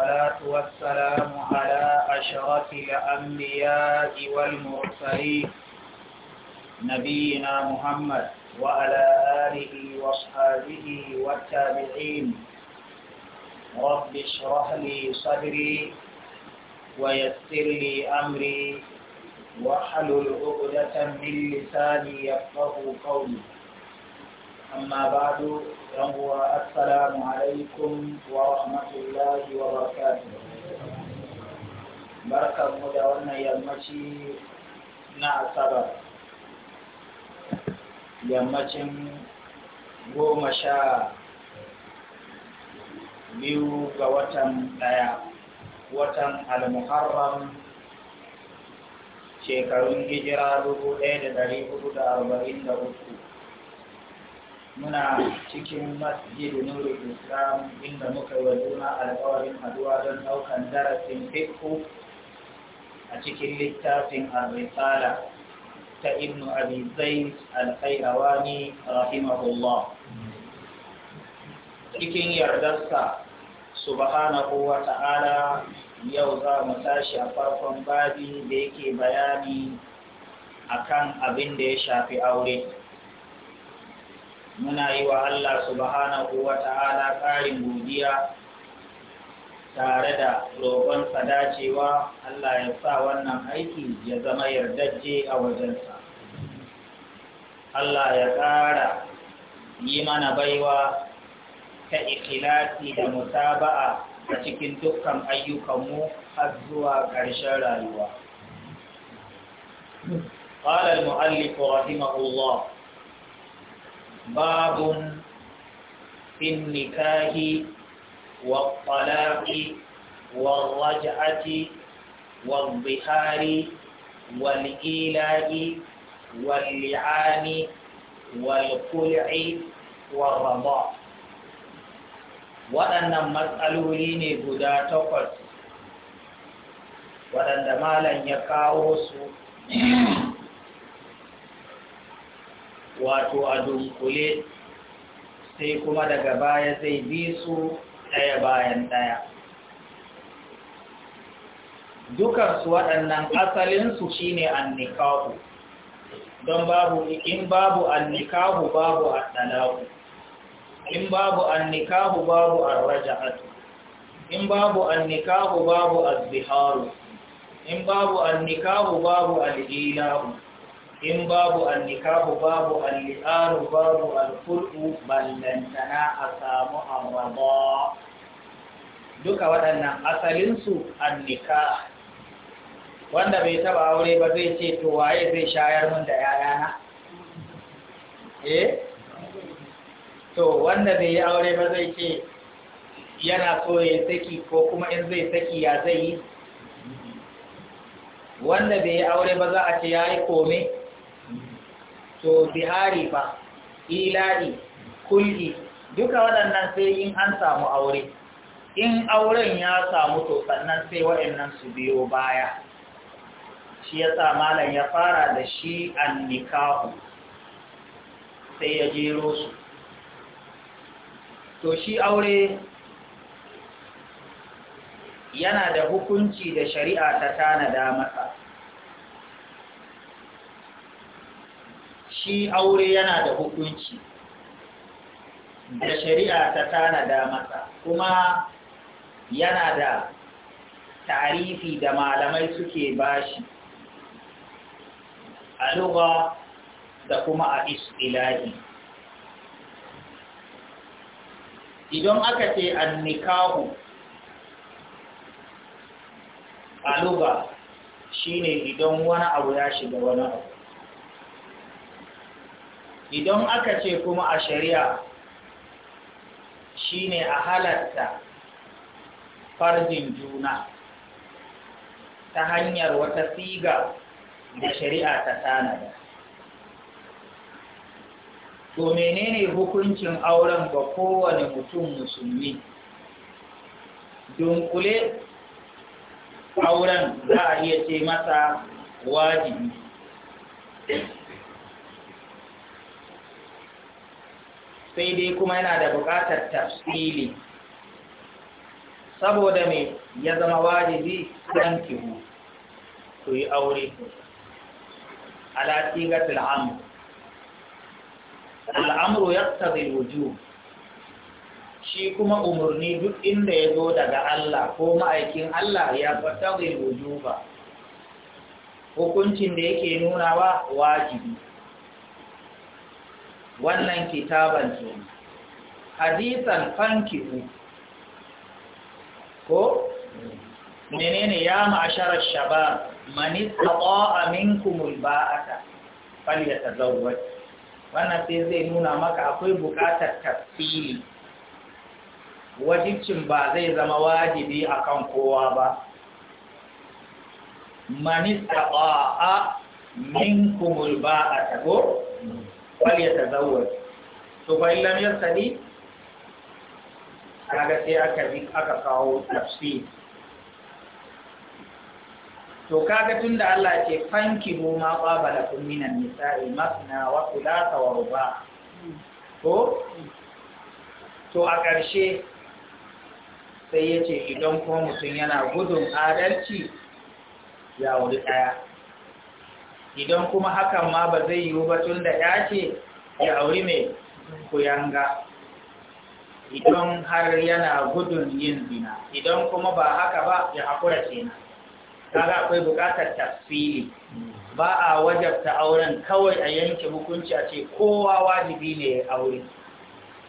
والصلاة والسلام على أشرف الأنبياء والمرسلين نبينا محمد وعلى آله وأصحابه والتابعين رب اشرح لي صدري ويسر لي أمري واحلل عقدة من لساني يفقه قولي Amma أما بعد فهو السلام عليكم ورحمة الله وبركاته بركة مدونة na نعتبر yammacin goma sha biyu ga watan ɗaya watan al-muharram shekarun hijira dubu ɗaya da ɗari hudu da arba'in da uku muna cikin masjid nurul islam inda muka yi wa juna alƙawarin haduwa don ɗaukan darasin fiko a cikin littafin ar ta ibnu Abizai alkairawa ne qayrawani rahimahullah cikin yardarsa subhanahu wa ta'ala yau za mu tashi a farkon babi da yake bayani akan abin da ya shafi aure muna yi wa Allah subhanahu wa ta'ala ƙarin godiya tare da roƙon dacewa Allah ya sa wannan aiki ya zama yardajje a wajensa. Allah ya ƙara yi mana baiwa ta ikilasi da mutaba'a a cikin dukkan ayyukanmu har zuwa ƙarshen rayuwa. قال المؤلف رحمه الله babun fin nikahi wa talaqi wa raj'ati wa dhihari wal ila'i wal li'ani waɗannan matsaloli ne guda takwas waɗanda malam ya kawo su wato a dunkule sai kuma daga baya zai bi su ɗaya bayan ɗaya dukansu waɗannan asalinsu shi ne annikahu don babu in babu annikahu babu addalaku in babu annikahu babu arraja'atu in babu annikahu babu azziharu in babu annikahu babu al'ilahu in babu annikahu babu alli'aru babu alfurdu ballantana a samu amraba duka waɗannan asalinsu annika wanda bai taba aure ba zai ce to waye zai shayar min da yayana eh to wanda bai yi aure ba zai ce yana so ya saki ko kuma in zai saki ya zai yi wanda bai yi aure ba za a ce ya yi kome to bihari ba ila'i kulli duka waɗannan sai in an samu aure in auren ya samu to sannan sai waɗannan su biyo baya shi ya sa malam ya fara da shi an nikahu sai ya jero su to shi aure yana da hukunci da shari'a ta tanada masa shi aure yana da hukunci da shari'a ta tanada masa kuma yana da tarifi da malamai suke bashi a lura da kuma a istilahi idan aka ce annikahu a lugha shine idan wani abu ya shiga wani abu idan aka ce kuma a shari'a shine a halatta farjin juna ta hanyar wata siga da shari'a ta tanada to menene hukuncin auren ga kowane mutum musulmi dunkule auren za a iya ce masa wajibi sai dai kuma yana da buƙatar tafsili saboda me ya zama wajibi dan kihu ku yi aure ala al'amur. Al'amur ya yaqtadi al-wujub shi kuma umarni duk inda ya zo daga Allah ko ma'aikin Allah ya fata ba. hukuncin da yake nunawa wajibi wannan kitaban ke hadisan Fanki ko menene ya ma'asharar shabab man istata'a minkum fal yatazawwaj wannan sai zai nuna maka akwai bukatar tafsiri wajibcin ba zai zama wajibi akan kowa ba man istata'a minkum ba'ata ko wal ya tazawwaj to fa illam yastadi kaga sai aka bi aka kawo tafsir to kaga tunda Allah ce fanki mu ma qabala kun minan nisa'i masna wa wa ruba ko to a ƙarshe sai yace idan kuma mutum yana gudun adalci ya wuri ɗaya idan kuma hakan ma ba zai yiwu ba tun da ya ce ya auri mai kuyanga idan har yana gudun yin zina idan kuma ba haka ba ya haƙura kenan kaga akwai buƙatar tafsili ba a wajabta auren kawai a yanke hukunci a ce kowa wajibi ne ya aure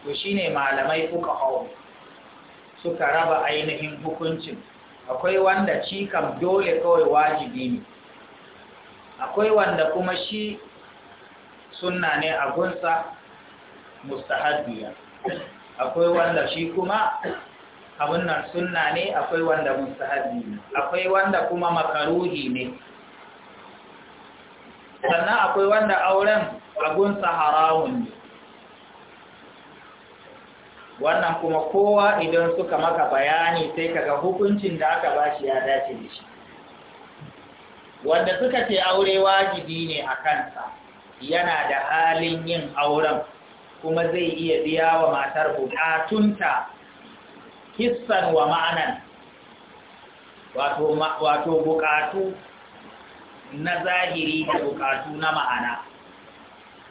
to ne malamai kuka hau suka raba ainihin hukuncin akwai wanda cikan dole kawai wajibi ne akwai wanda kuma shi sunna ne a gunsa akwai wanda shi kuma abin nan sunna ne akwai wanda mustahabbi ne akwai wanda kuma makaruhi ne sannan akwai wanda auren a gunsa haramun ne wannan kuma kowa idan suka maka bayani sai kaga hukuncin da aka bashi ya dace da shi wanda suka ce aure wajibi ne a kansa yana da halin yin auren kuma zai iya biya wa matar bukatunta kisan wa ma'anan wato bukatu na zahiri da bukatu na ma'ana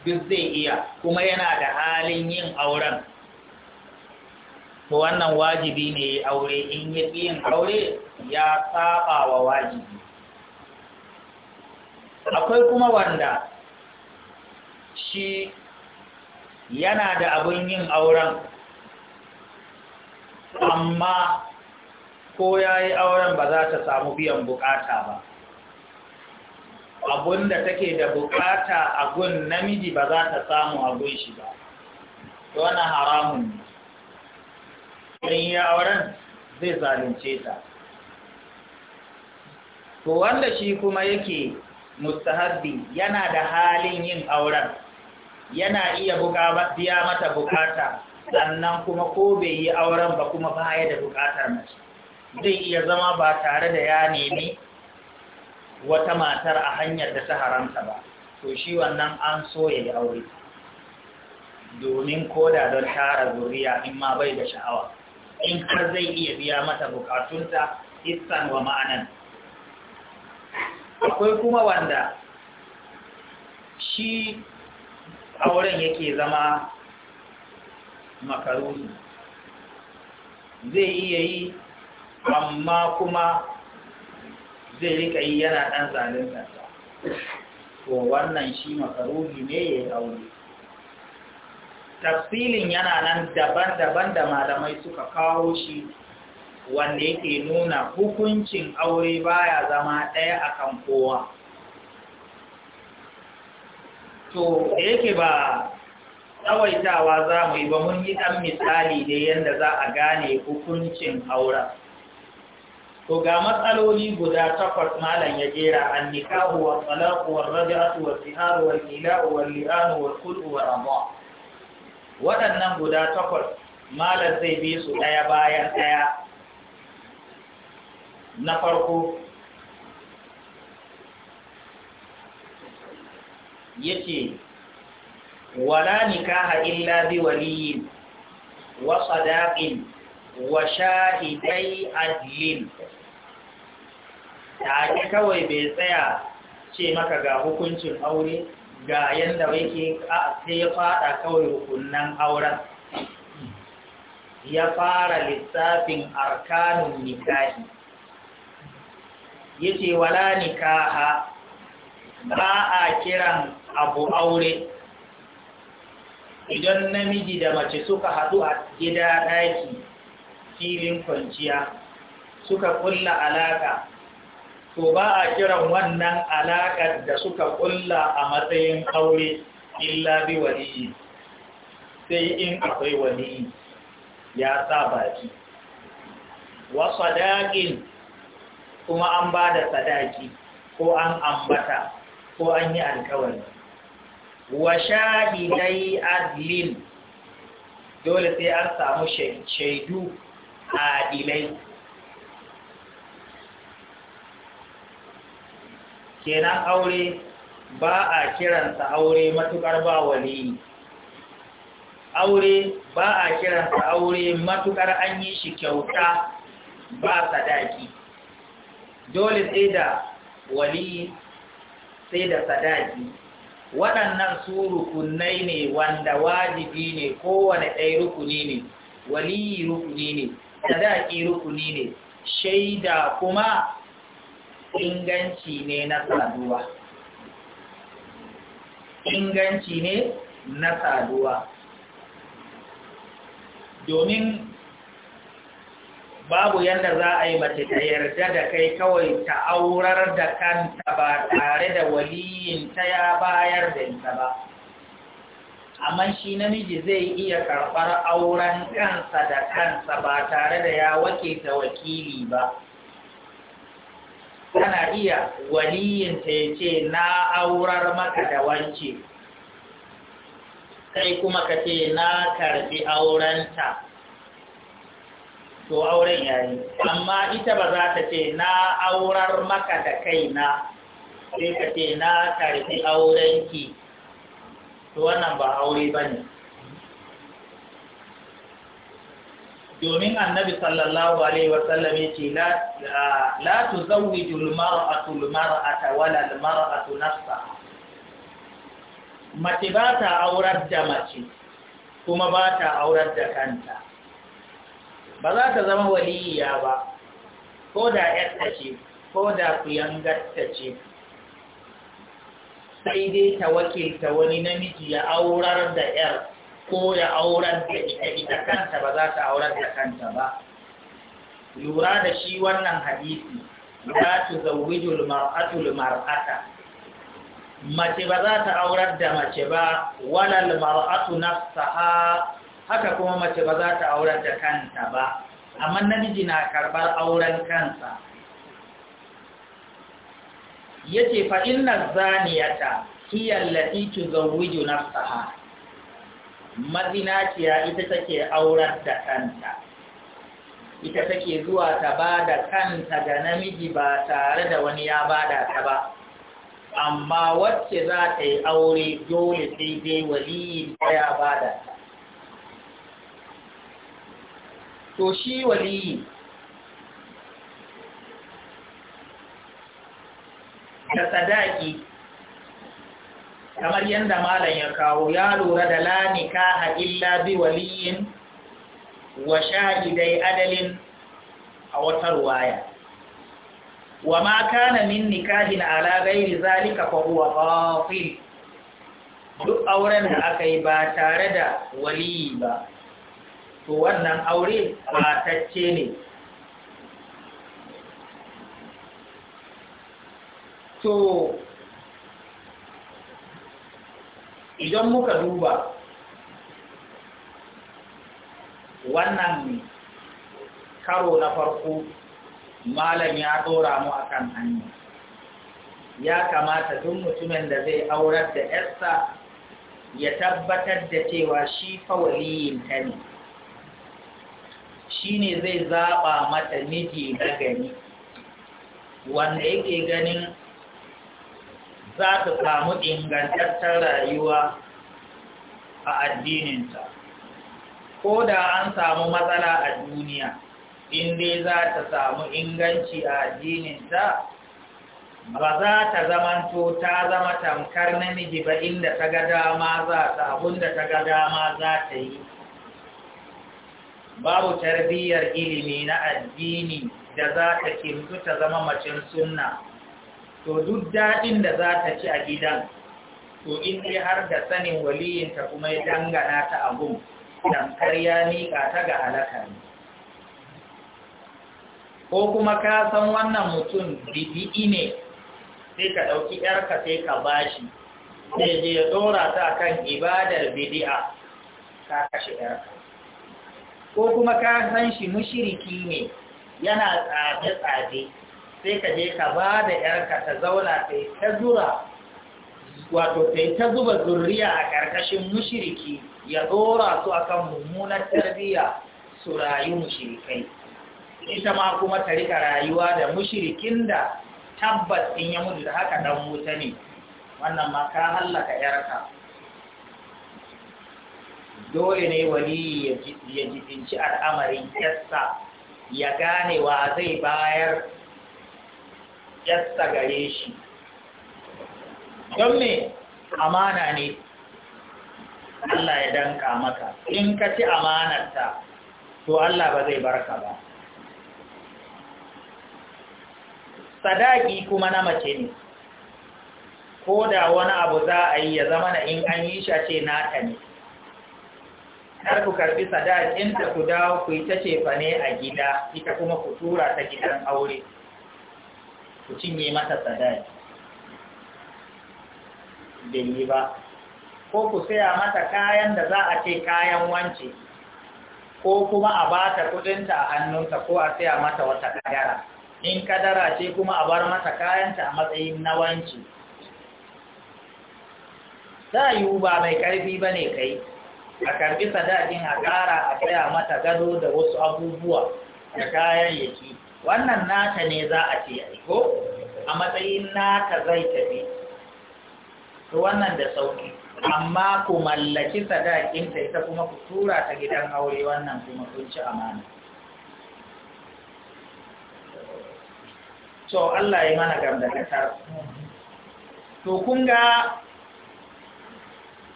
duk zai iya kuma yana da halin yin auren wannan wajibi ne aure in yi yin aure ya saba wa wajibi akwai kuma wanda shi yana da abin yin auren amma ko ya yi auren ba za ta samu biyan bukata ba da take da bukata a gun namiji ba za ta samu a gun shi ba wani haramun ne in yi auren zai zalunce ta to wanda shi kuma yake mustahabbi yana da halin yin auren yana iya biya mata bukata sannan kuma ko bai yi auren ba kuma baya da bukatar mace zai iya zama ba tare da ya nemi wata matar a hanyar da ta haramta ba to shi wannan an so ya yi aure domin koda don tara zuriya in ma bai da sha'awa in har zai iya biya mata bukatunta istan wa ma'anan akwai kuma wanda shi auren yake zama makaruni zai iya yi amma kuma zai rika yi yana ɗan zalin kansa to wannan shi makaruni ne ya yi aure tafsilin yana nan daban-daban da malamai suka kawo shi wanda yake nuna hukuncin aure baya zama ɗaya a kan kowa to da yake ba tsawaitawa za mu yi ba mun yi ɗan misali da yadda za a gane hukuncin aure. to ga matsaloli guda takwas malam ya jera an nikahu wa talaku wa raj'atu wa siharu wa wa waɗannan guda takwas malam zai bi su ɗaya bayan ɗaya na farko yace wala nikaha illa bi waliyin wa sadaqin wa shahidai adlin da ake kawai bai tsaya ce maka ga hukuncin aure ga yanda yake sai ya fada kawai hukunnan auren ya fara lissafin arkanun nikahi yace wala nikaha ba a kiran abu aure idan namiji da mace suka haɗu a gida ɗaki filin kwanciya suka ƙulla alaƙa to ba a kiran wannan alaƙar da suka ƙulla a matsayin aure illa bi waliyi sai in akwai waliyi ya sa baki Wasu daƙin kuma an ba da sadaki ko an ambata ko an yi alkawari wa shahidai adlin dole sai an samu shaidu adilai kenan aure ba a kiransa aure matukar ba waliyi aure ba a kiransa aure matukar an yi shi kyauta ba sadaki dole sai da wali sai da sadaki waɗannan su rukunai ne wanda wajibi ne kowane ɗaya rukuni ne wali rukuni ne sadaki rukuni ne shaida kuma inganci ne na saduwa inganci ne na saduwa domin babu yadda za a yi mace ta yarda da kai kawai ta aurar da kanta ba tare da waliyinta ya bayar da ita ba amma shi namiji zai iya karɓar auren kansa da kansa ba tare da ya wake ta wakili ba tana iya waliyinta ya ce na aurar maka da wance kai kuma ka ce na karɓi aurenta to auren yayi amma ita ba za ta ce na aurar maka da kaina sai ka ce na karfi aurenki to wannan ba aure ba ne domin annabi sallallahu alaihi sallam ya ce la tu zawwiju almar'atu almar'ata wala almar'atu nafsa mace ba ta aurar da mace kuma ba ta aurar da kanta ba za ta zama waliya ba ko da yadda ce ko da kuyangarta ce sai dai ta wakilta wani namiji ya aurar da yar ko ya aurar da ita ita kanta ba za ta aurar da kanta ba lura da shi wannan hadisi la tuzawwijul mar'atu mar'ata mace ba za ta aurar da mace ba walal mar'atu nafsaha haka kuma mace ba za ta aurar da kanta ba amma namiji na karɓar auren kansa yace fa inna zaniyata hiya allati tuzawwiju nafsaha mazinaciya ita take auren da kanta ita take zuwa ta ba da kanta ga namiji ba tare da wani ya bada ta ba amma wacce za ta yi aure dole sai dai waliyin ya bada ta to shi waliyi da sadaki kamar yadda malam ya kawo ya lura da la nikaha illa bi waliyin wa shahidai adalin a wata ruwaya wa ma kana min nikahin ala ghairi zalika fa huwa batil duk auren da aka yi ba tare da waliyi ba to wannan aure batacce ne to idan muka duba wannan karo na farko malam ya dora mu akan hanya ya kamata duk mutumin da zai aurar da yarsa ya tabbatar da cewa shi fa ta ne Shi ne zai zaɓa mata miji na gani wanda yake ganin za ta samu ingantattar rayuwa a addininta ko da an samu matsala a duniya inda za ta samu inganci a addininta ba za ta zamanto ta zama tamkar namiji ba inda ta ga dama za ta abinda ta ga dama za ta yi babu tarbiyyar ilimi na addini da za ta kimtu ta zama macen sunna to duk daɗin da za ta ci a gidan to in yi har da sanin waliyinta kuma ya dangana ta abun tamkar karya miƙa ta ga halaka ne ko kuma ka san wannan mutum bibi ne sai ka ɗauki ‘yarka sai ka bashi sai je ya ɗora ta kan ibadar bidi'a ka kashe ‘yarka ko kuma ka san shi mushiriki ne yana tsaje-tsaje sai ka je ka ba da ‘yarka ta zauna ta ta zura wato ta ta zuba zurriya a ƙarƙashin mushiriki ya ɗora su akan mummunar tarbiyya su rayu mushirikai ita ma kuma ta rika rayuwa da mushirikin da tabbas in ya mutu da haka dan wuta ne wannan ma ka hallaka ‘yarka dole ne wani ya jifinci al'amarin yassa ya gane wa zai bayar yassa gare shi don me amana ne Allah ya danka maka in ka ci amanarta to Allah ba zai barka ba sadaki kuma na mace ne ko da wani abu za a yi ya zama na in an yi shi a ce nata ne har ku karbi sadakinta ku dawo ku yi ta cefa ne a gida ita kuma ku tura ta gidan aure ku cinye mata sadar. ba ko ku saya mata kayan da za a ce kayan wance ko kuma a ba ta kudinta a hannunta ko a saya mata wata kadara in kadara ce kuma a bar mata kayanta a matsayin na wance a yiwu ba mai karfi ba ne kai a karbi sadakin a ƙara a tsaya mata gado da wasu abubuwa da kayayyaki wannan nata ne za a ce ko a matsayin nata zai tafi to wannan da sauki amma ku mallaki sadakinta ita kuma ku tura ta gidan aure wannan kuma sun ci amana so Allah yi mana gam gamdakatar to kun ga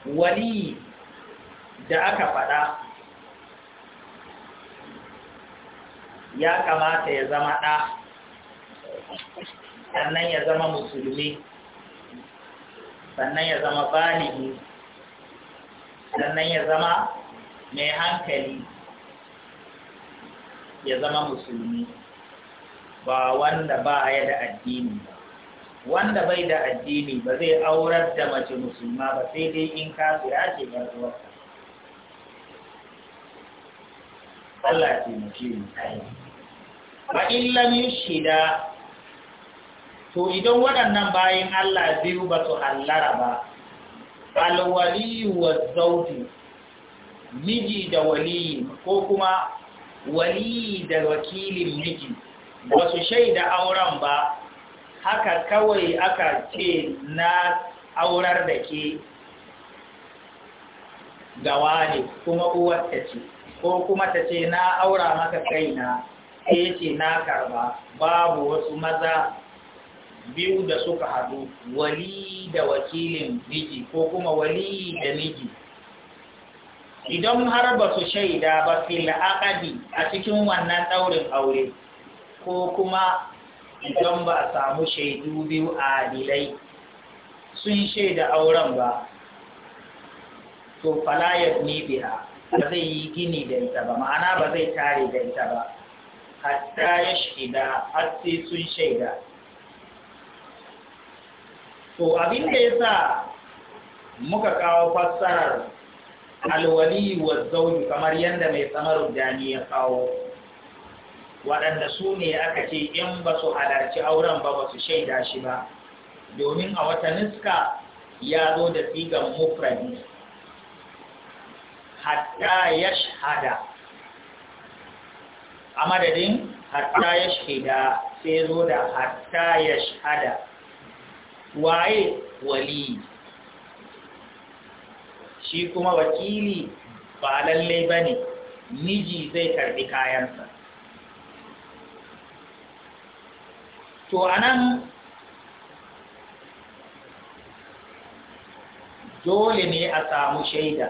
wali da aka faɗa ya kamata ya zama ɗa sannan ya zama musulmi sannan ya zama balihi sannan ya zama mai hankali ya zama musulmi ba wanda ba ya da addini ba wanda bai da addini ba zai aurar da mace musulma ba sai dai in kafira ce garzuwarsa Allah ke mace mu kai ba illan yushida to idan waɗannan bayan Allah biyu ba su hallara ba alwaliyu wa zauti miji da waliyi ko kuma waliyi da wakilin miji ba su shaida auren ba haka kawai aka ce na aurar da ke gawa ne kuma uwar ta ce ko kuma ta ce na aura maka kaina sai ce na karba babu wasu maza biyu da suka hadu wali da wakilin miji ko kuma wali da miji idan har ba su shaida ba fil aqadi a cikin wannan daurin aure ko kuma idan ba a samu shaidu biyu a adilai sun shaida auren ba to falayar ni biya ba zai yi gini da ita ba ma'ana ba zai tare da ita ba hatta ya shida har sai sun shaida to abin da ya sa muka kawo fassarar alwali wa zauji kamar yadda mai samar dani ya kawo waɗanda su ne aka ce in ba su halarci auren ba ba su shaida shi ba domin a wata niska ya zo da sigan mufradi hatta ya shahada a madadin hatta ya shahada sai zo da hatta ya shahada waye wali shi kuma wakili ba lallai ba ne miji zai karbi kayansa to anan dole ne a samu shaida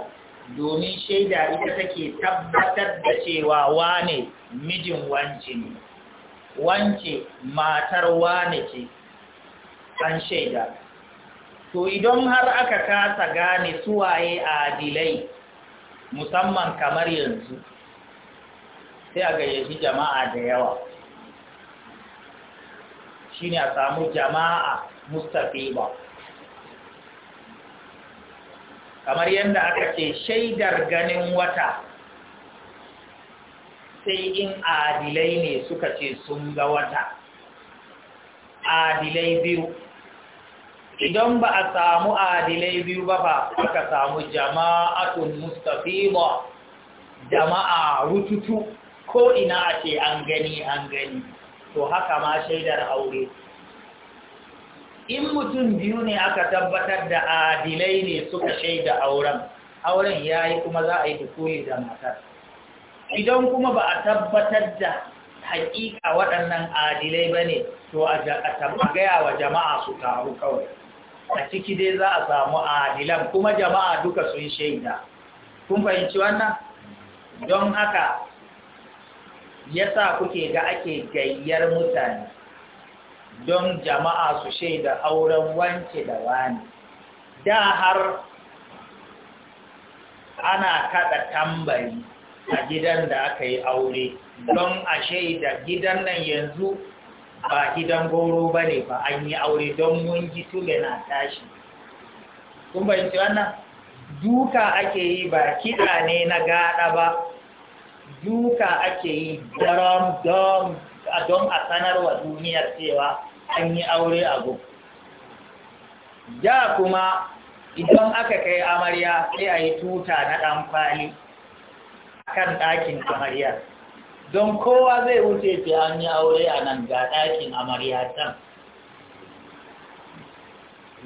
domin shaida ita take tabbatar da cewa wane mijin wance ne wance matar wane ce an shaida to idan har aka kasa gane suwaye adilai musamman kamar yanzu sai a gayyaci jama'a da yawa shine a samu jama'a ba. kamar yadda aka ce shaidar ganin wata sai in adilai ne suka ce sun ga wata adilai biyu idan ba a samu adilai biyu ba ba aka samu jama'atun mustafiba jama'a rututu ko ina a ce an gani an gani to haka ma shaidar aure in mutum biyu ne aka tabbatar da adilai ne suka shaida auren auren ya yi kuma za a yi dukuli da matar idan kuma ba a tabbatar da haƙiƙa waɗannan adilai ba ne to a gaya wa jama'a su taru kawai a ciki dai za a samu adilan kuma jama'a duka sun shaida kun fahimci wannan don haka yasa kuke ga ake gayyar mutane don jama'a su shaida auren wanke da wani da har ana kada tambari a gidan da aka yi aure don a shaida gidan nan yanzu ba gidan goro ba ne ba an yi aure don mun ji tule na tashi kun wannan duka ake yi ba kiɗa ne na gaɗa ba duka ake yi don a sanarwa duniyar cewa an yi aure a gu da kuma idan aka kai amarya sai a yi tuta na ɗan fali kan ɗakin amarya don kowa zai wuce fi an yi aure a nan ga ɗakin amarya can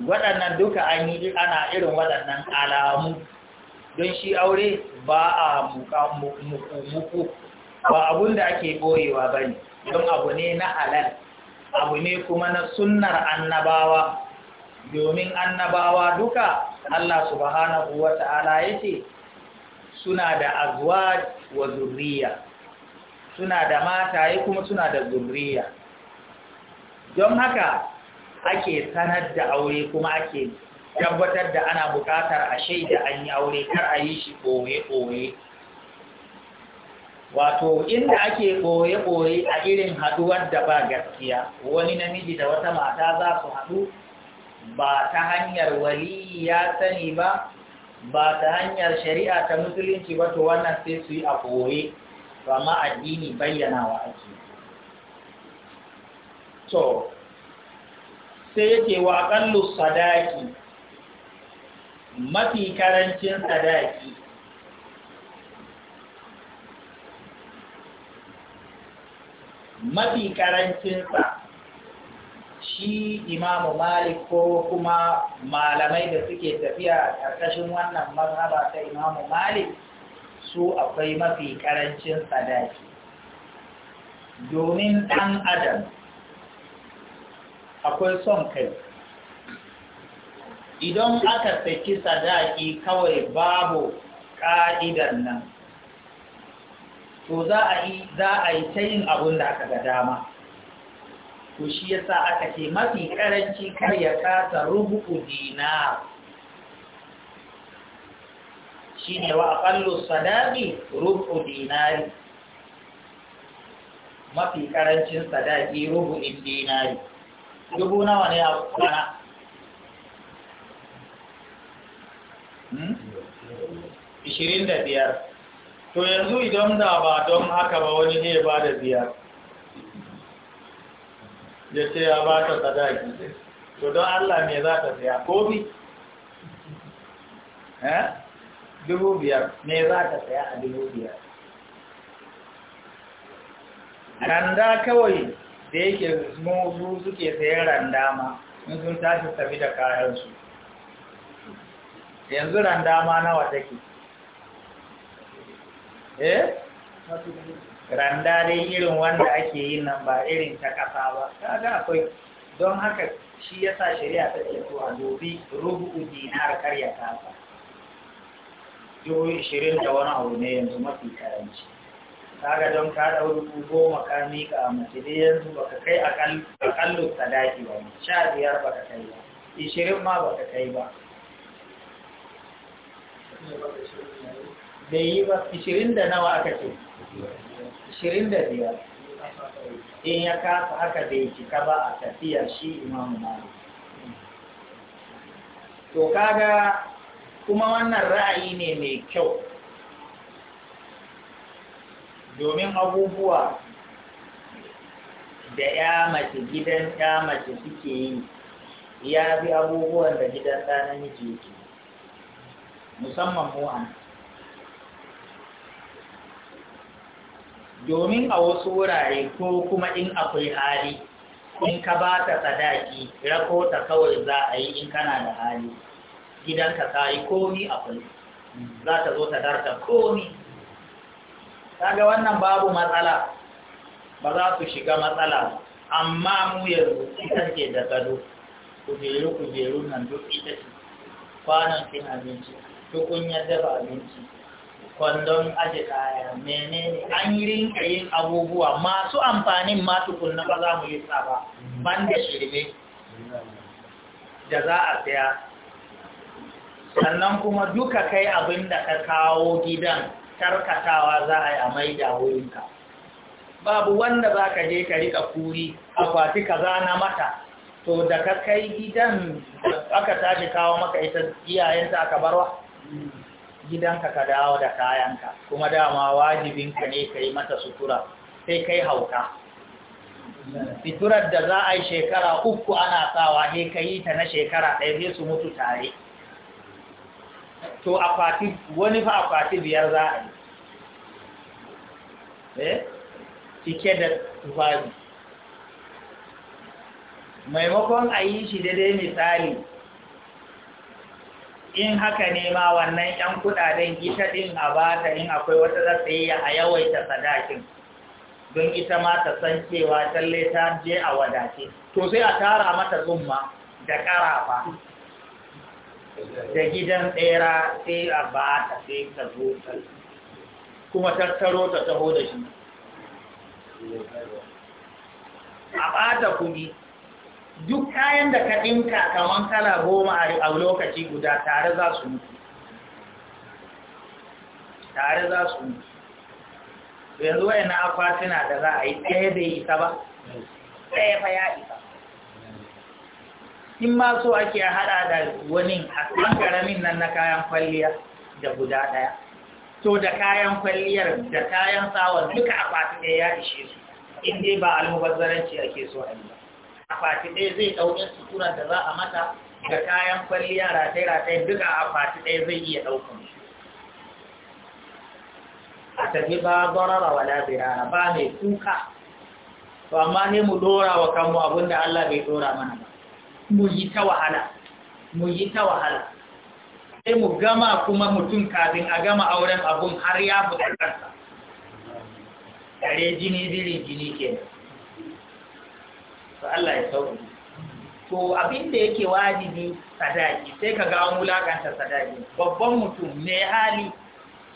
waɗannan duka an yi ana irin waɗannan alamu don shi aure ba a muku ba abun da ake ɓoyewa ba ne don abu ne na halal abu ne kuma na sunnar annabawa domin annabawa duka Allah subhanahu wa ta'ala yake suna da azwaj wa zurriya suna da mataye kuma suna da zurriya don haka ake sanar da aure kuma ake tabbatar da ana bukatar a shaida an yi aure kar a yi shi ɓoye-ɓoye wato inda ake boye-boye a irin haɗuwar da ba gaskiya wani namiji da wata mata za su haɗu ba ta hanyar wali ya sani ba ba ta hanyar shari'a ta musulunci ba to wannan sai su yi a ɓoye ba ma addini wa ake to sai yake wa akallu sadaki mafi karancin sadaki mafi karancinsa shi imamu malik ko kuma malamai da suke tafiya a ƙarƙashin wannan mazhaba ta imamu malik su akwai mafi karancin sadaki domin ɗan adam akwai son kai idan aka saki sadaki kawai babu ƙa'idar nan to za a yi za a yi ta yin abin da aka ga dama to shi yasa aka ce mafi karanci kar ya kasa rubu dinar shi ne wa aƙallu sadaki rubu dinari mafi karancin sadaki rubu dinari dubu nawa ne a kwana hmm? ishirin da biyar to yanzu idan da ba don haka ba wani ne ba da biya ya ce ya ba ta sadaki to don Allah me za ta tsaya ko bi eh? dubu biyar me za ta tsaya a dubu biyar randa kawai da yake su suke sayan randa ma in sun tashi tafi da kayansu yanzu randa ma nawa take eh randa dai irin wanda ake yin nan ba irin ta kasa ba kaga akwai don haka shi yasa shari'a ta ce to a dubi rubu dinar karya ba dubu ishirin da wani abu ne yanzu mafi karanci kaga don ka ɗau rubu goma ka mika a mace dai yanzu baka kai akallu sadaki ba sha biyar baka kai ba ishirin ma baka kai ba da yi ba 20 da nawa aka ce da biyar. in ya kafa aka bai cika ba a tafiyar shi imamu malik to kaga kuma wannan ra'ayi ne mai kyau domin abubuwa da ya mace gidan ya mace suke yi ya fi abubuwan da gidan ɗanar namiji yake musamman mu domin a wasu wurare ko kuma in akwai hali in ka ba ta sadaki rako ta kawai za a yi in kana da hali gidanka ka yi komi akwai za ta zo ta darta komi ga wannan babu matsala ba za su shiga matsala amma mu yanzu ita ke da gado kujeru kujeru nan duk ita ce kwanan cin abinci yadda dafa abinci kwandon aji kaya menene an yi rinka yin abubuwa masu amfanin masu na ba za mu yi tsaba ban da shirme da za a saya sannan kuma duka kai abin da ka kawo gidan tarkatawa za a yi a maida wurinka babu wanda za ka je ka rika kuri akwati ka na mata to da ka kai gidan aka tashi kawo maka ita iyayenta aka barwa gidanka ka dawo da kayanka kuma dama wajibinka ne ka yi mata sutura sai kai hauka suturar da za a yi shekara uku ana sawa ne ka yi ta na shekara ɗaya zai su mutu tare to wani fa akwati biyar za a yi eh? cike da tufafi maimakon a yi shi daidai misali in haka ne ma wannan ‘yan kudaden ita ɗin a ta in akwai wata zatsayya a yawaita sadakin don ita ma ta san cewa talle ta je a wadace to sai a tara mata zumma da ƙarafa da gidan tsera sai a ba ta sai ta zo kuma tattaro ta taho da shi a ɓata kuɗi duk kayan da ka ɗinka kamar kala goma a lokaci guda tare za su mutu tare za su mutu yanzu wani na akwatina da za a yi ɗaya bai isa ba ɗaya fa ya isa in ma so ake haɗa da wani a ƙaramin nan na kayan kwalliya da guda ɗaya to da kayan kwalliyar da kayan tsawon duka akwati ya ishe su in dai ba almubazzaranci ake so a yi ba akwati ɗaya zai ɗaukin suturar da za a mata ga kayan kwalliya ratai-ratai duka akwati ɗaya zai iya ɗaukan shi a tafi ba barara wa labirara ba mai kuka to amma ne mu dora wa kanmu abinda Allah bai dora mana ba mu yi ta wahala mu yi ta wahala sai mu gama kuma mutum kafin a gama auren abun har ya buƙatar kansa jini biri jini kenan to Allah ya sauri. to abin da yake wajibi sadaki sai ka ga an wulakanta sadaki babban mutum ne hali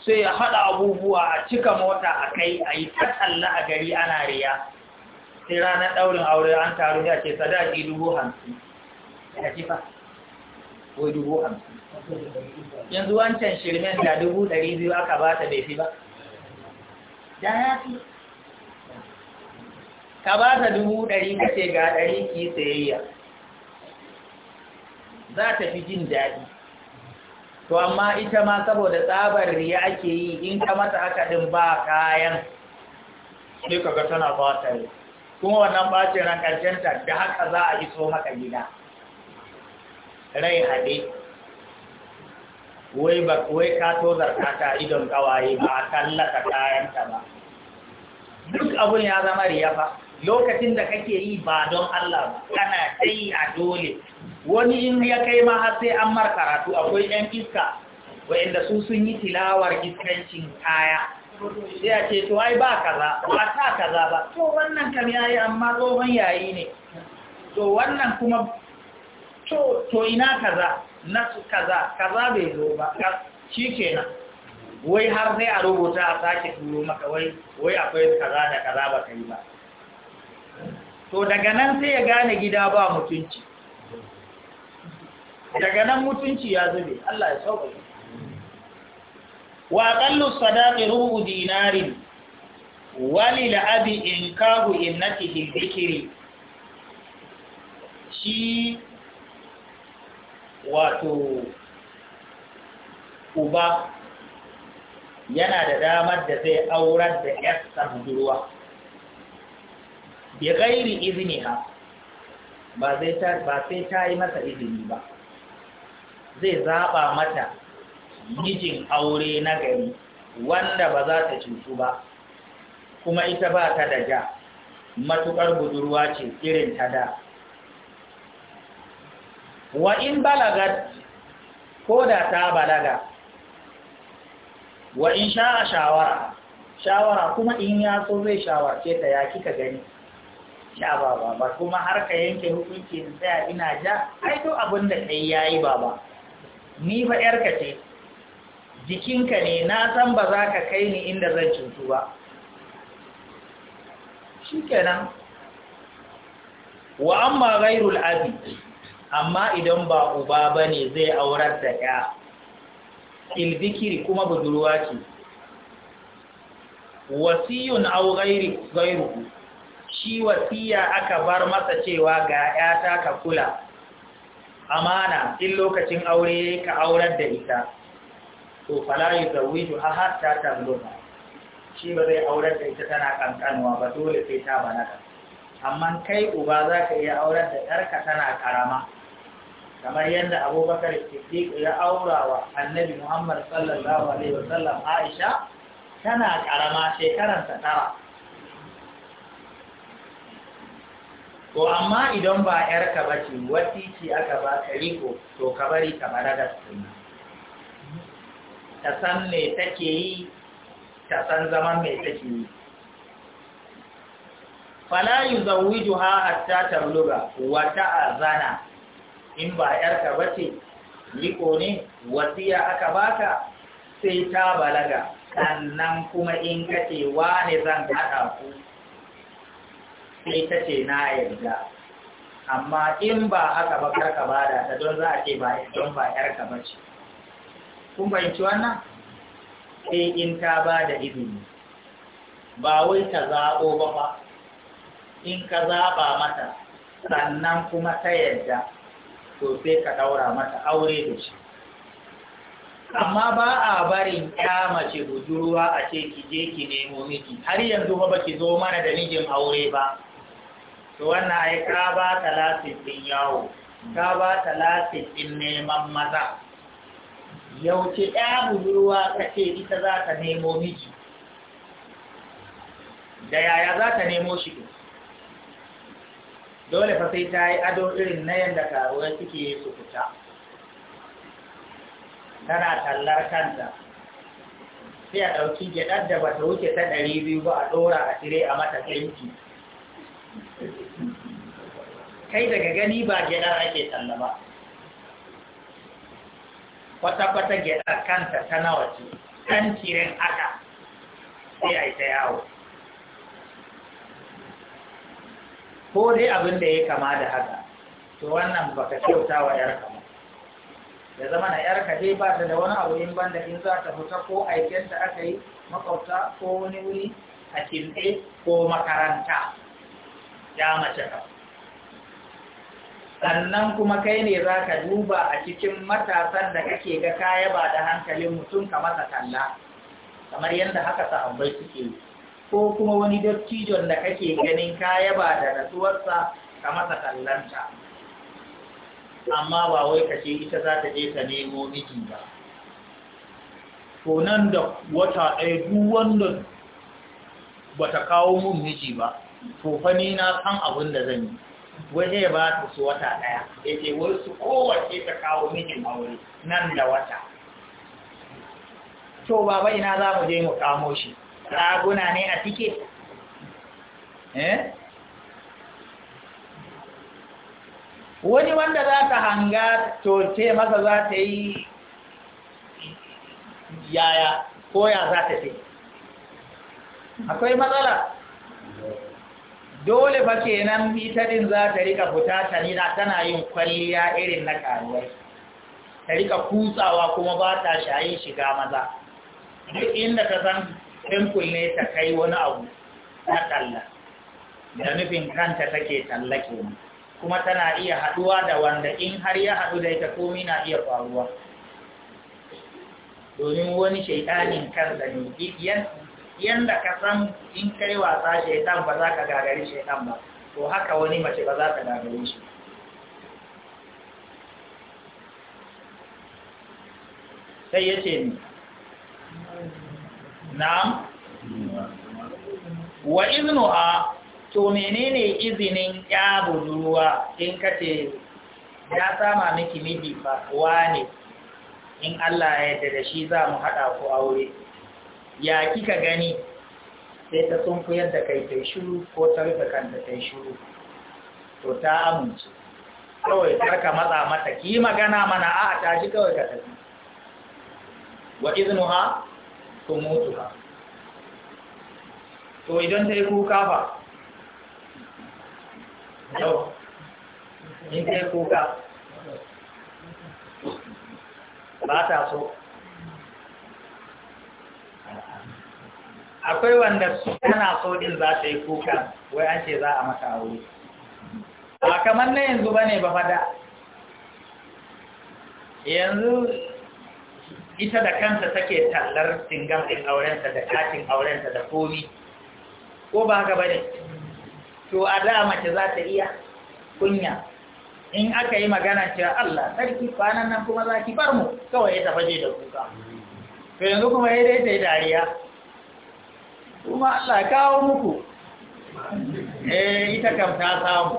sai ya haɗa abubuwa a cika mota a kai a yi ta a gari ana riya sai ranar ɗaurin aure an taru ya ce sadaki dubu hamsin ya ce fa wai dubu hamsin yanzu wancan shirmen da dubu ɗari biyu aka ba ta bai fi ba ya fi ka ba ta dubu ɗari ka ce ga ɗari ki sayayya za ta fi jin daɗi to amma ita ma saboda tsabar riya ake yi in ka mata aka ɗin ba kayan sai ka ga tana fatar. kuma wannan ɓacin ran da haka za a iso maka gida rai haɗe wai ba wai ka zarta ta idon kawaye ba a tallata kayanta ba duk abun ya zama riya fa. lokacin da kake yi ba don Allah kana sai a dole wani in ya kai ma har sai an mar karatu akwai ɗan iska wa'inda su sun yi tilawar iskancin kaya sai a ce to ai ba kaza ba ta kaza ba to wannan kam yayi amma tsohon yayi ne to wannan kuma to to ina kaza na kaza kaza bai zo ba shi kenan. wai har sai a rubuta a sake turo maka wai akwai kaza da kaza ba ka yi ba to daga nan sai ya gane gida ba mutunci daga nan mutunci ya zube Allah ya sauka wa qallu sadaqi ruhu dinarin wali la'abi in kahu innatihi dhikri shi wato uba yana da damar da zai aurar da ƴarsa ruwa bi ghairi izniha ba zai ta ba sai ta yi masa izini ba zai zaɓa mata mijin aure na gari wanda ba za ta cutu ba kuma ita ba ta da ja Matuƙar budurwa ce irin ta da wa in balaga ko da ta balaga wa in sha'a shawara shawara kuma in ya so zai shawarce ta ya kika gani sha baba ba kuma har ka yanke hukunci in tsaya ina ja ai to abin da kai yayi baba ni fa yarka ce jikinka ne na san ba za ka kai ni inda zan cutu ba kenan wa amma ghairul abi amma idan ba uba bane zai aurar da ya ilbikiri kuma budurwa ce wasiyun aw ghairu shi wasiya aka bar masa cewa ga ‘yata ka kula, amana in lokacin aure ka aurar da ita, to falayi zawiju ta hatta shi ba zai aurar da ita tana kankanwa ba dole sai ta balaga. Amma kai uba za ka iya aurar da ‘yarka tana karama, kamar yadda abubakar siddiq ya aura wa annabi Muhammad sallallahu Alaihi wasallam Aisha tana ƙarama shekaranta tara. to amma idan ba ‘yarka ba ce ce aka ba ka riko to ka bari ka bara da suna ta san me take yi ta san zaman me take yi fala yi zawiju ha hatta wata azana in ba ‘yarka ba ce riko ne wasiya aka baka sai ta balaga sannan kuma in kace wane zan haɗa ku sai ta ce na yarda amma in ba haka ba karka ba da ta don za a ce ba don ba yarka ba ce kun bayanci wannan sai in ta ba da izini ba wai ta zaɓo ba ba in ka zaɓa mata sannan kuma ta yarda to sai ka ɗaura mata aure da shi amma ba a barin ya mace budurwa a ce ki je ki nemo miki har yanzu ba ki zo mana da mijin aure ba to wannan ai ka ba ta lasin ɗin yawo ka ba ta lasin ɗin neman maza yauce ɗaya budurwa ka ce ita za ta nemo miji da yaya za ta nemo shi dole fa sai ta yi ado irin na yadda karuwar suke su fita tana tallar kanta sai a ɗauki gyaɗar da ba ta wuce ta ɗari biyu ba a ɗora a tire a mata tsinki kai daga gani ba gyada ake talla ba kwata-kwata gyada kanta ta nawa ce ɗan ciren aka sai a yi ta yawo ko dai abin da ya kama da haka to wannan baka kyauta wa yarka ba ya zama na yarka dai ba ta da wani abu in banda in za ta fita ko aiken da aka yi makwabta ko wani wuri a kimɗe ko makaranta ya mace ka sannan kuma kai ne za ka duba a cikin matasan da kake ga kaya ba da hankalin mutum ka masa kalla, kamar yadda haka sahabbai suke ko kuma wani dattijon da kake ganin kaya ba da rasuwarsa ka masa kallanta amma ba wai ka ita za ta je ta nemo miji ba ko nan da wata ɗaya duk wanda ta kawo mun miji ba to fa ni na san abin da zan yi waje ba ta su wata daya yake wai su kowace ta kawo miki aure nan da wata to baba ina za mu je mu kamo shi raguna ne a tike eh wani wanda za ta hanga to ce masa za ta yi yaya ko ya za ta ce akwai matsala dole fa kenan ita din za ta rika fita ta na tana yin kwalliya irin na karuwai ta rika kutsawa kuma ba ta shayin shiga maza duk inda ka san temple ne ta kai wani abu na talla da nufin kanta take tallake ne kuma tana iya haduwa da wanda in har ya haɗu da ita komi na iya faruwa domin wani shaidanin kansa ne yanda ka san in kai wasa shaitan ba za ka gagari shaitan ba to haka wani mace ba za ta gagari shi sai ya ce ni na'am wa iznu a, to menene izinin ya budurwa in kace ya sama miki miji wa ne? in Allah ya yarda da shi za mu haɗa ku aure ya kika gani sai ta ku yadda kai ta shiru ko ta rufe kanta ta shiru to ta amince kawai tsarka matsa mata ki magana mana a ta shi kawai ka tafi wa iznuha ha? to idan ta yi kuka fa yau in ta yi kuka ba ta so akwai wanda tana so din za ta yi kuka wai an ce za a mata aure ba kamar na yanzu ba ne ba fada yanzu ita da kanta take tallar singam ɗin aurenta da katin aurenta da komi ko ba haka ba ne to a da mace za ta iya kunya in aka yi magana cewa Allah sarki kwanan nan kuma za ki bar mu kawai ya tafaje da kuka to yanzu kuma ya dai ta yi dariya kuma Allah ya kawo muku eh ita kam ta samu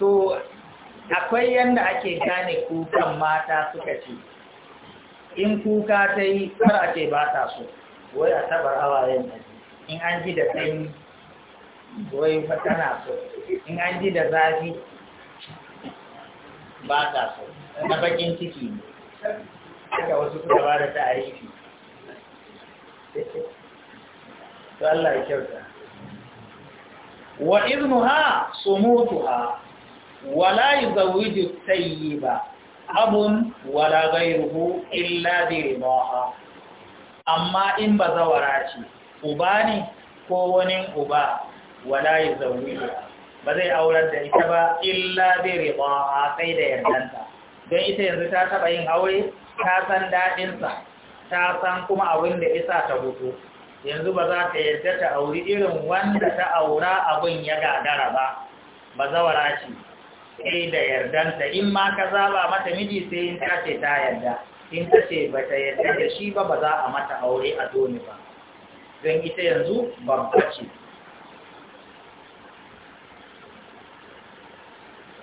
to akwai yanda ake gane kukan mata suka ce in kuka ta yi kar a ce ba ta so wai a tabar hawayen in an ji da sanyi wai tana so in an ji da zafi ba ta so na bakin ciki ne haka wasu kuma ba da aiki to Allah ya kyauta wa iznuha sumutuha wala yi tayyiba abun wala ghayruhu illa bi ridaha amma in bazawara ce uba ne ko wani uba wala yuzawwiju ba zai aurar da ita ba illa bi ridaha sai da yardanta don ita yanzu ta taba yin aure ta san daɗinsa ta san kuma abin da isa ta hutu yanzu ba za ta yadda ta auri irin wanda ta aura abin ya gagara ba ba zawara ce sai da yardanta in ma ka zaba mata miji sai in ta ce ta yarda in ta ce ba ta yarda da shi ba ba za a mata aure a doni ba don ita yanzu babba ce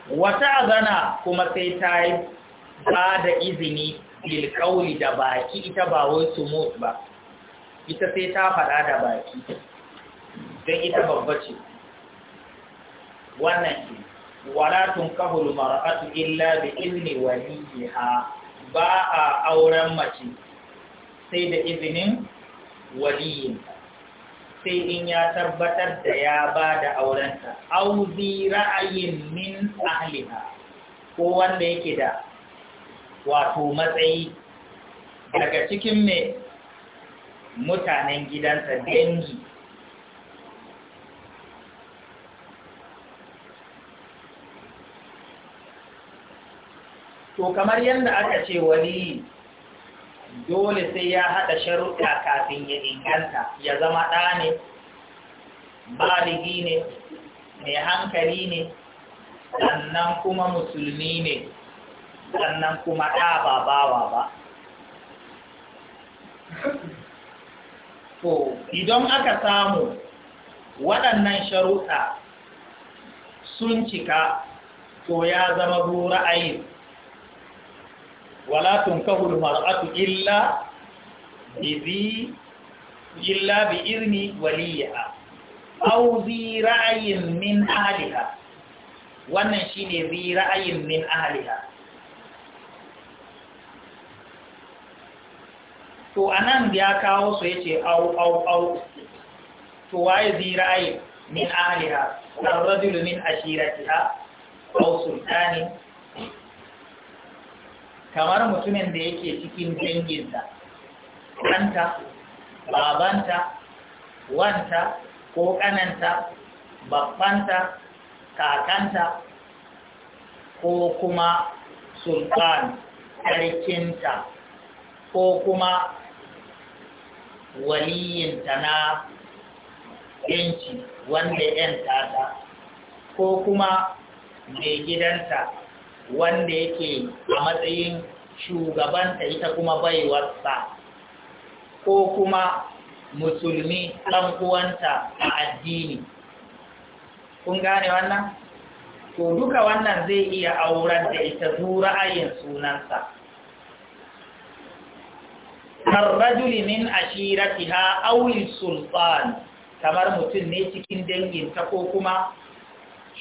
wata gana kuma sai ta yi ba da izini bil da baki ita ba wai sumut ba ita sai ta faɗa da baki don ita babba ce wannan ke wala mar'atu illa bi izni waliha ba a auren mace sai da izinin waliyin sai in ya tabbatar da ya ba da aurenta auzi ra'ayin min ahliha ko wanda yake da wato matsayi daga cikin mai mutanen gidansa dangi to kamar yadda aka ce wani dole sai ya haɗa sharuɗa kafin ya inganta ya zama ɗa ne baligi ne mai hankali ne sannan kuma musulmi ne sannan kuma ɗa ba bawa ba to idan aka samu waɗannan sharuta sun cika to ya zama bu ra'ayin wala tun tunkahul mar'atu illa bi illa bi irni waliya au zi ra'ayin min ahliha wannan shine zi ra'ayin min ahliha to a nan ya kawo su ya ce au au au to waye zira'ayi min ahliha ar-rajulu min ashiratiha Au sultani kamar mutumin da yake cikin danginta ɗanta babanta wanta ko ƙananta babbanta kakanta ko kuma sultan sarkinta ko kuma waliyinta na yanci wanda yanta ta ko kuma mai gidanta wanda yake a matsayin shugabanta ita kuma baiwarsa ko kuma musulmi ɗan a addini kun gane wannan to duka wannan zai iya aurar da ita zu ra'ayin sunansa karrajuli min ashiratiha awil sultan kamar mutum ne cikin danginta ko kuma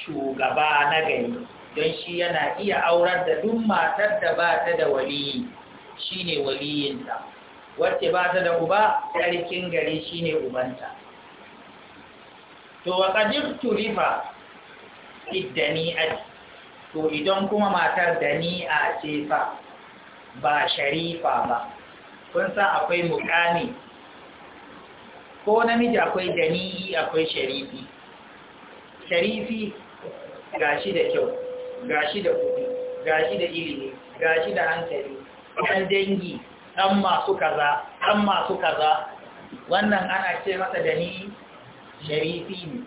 shugaba na gari don shi yana iya aurar da duk matar da ba ta da shi shine waliyinta wacce ba ta da uba sarkin gari shine ubanta to wa qadir turifa iddani'at to idan kuma matar dani'a ce fa ba sharifa ba kun sa akwai mukami ko namiji akwai dani'i akwai sharifi sharifi ga shi da kyau ga shi da kudi shi da ilimi ga shi da hankali ɗan dangi ɗan masu kaza ɗan masu kaza wannan ana ce masa dani'i sharifi ne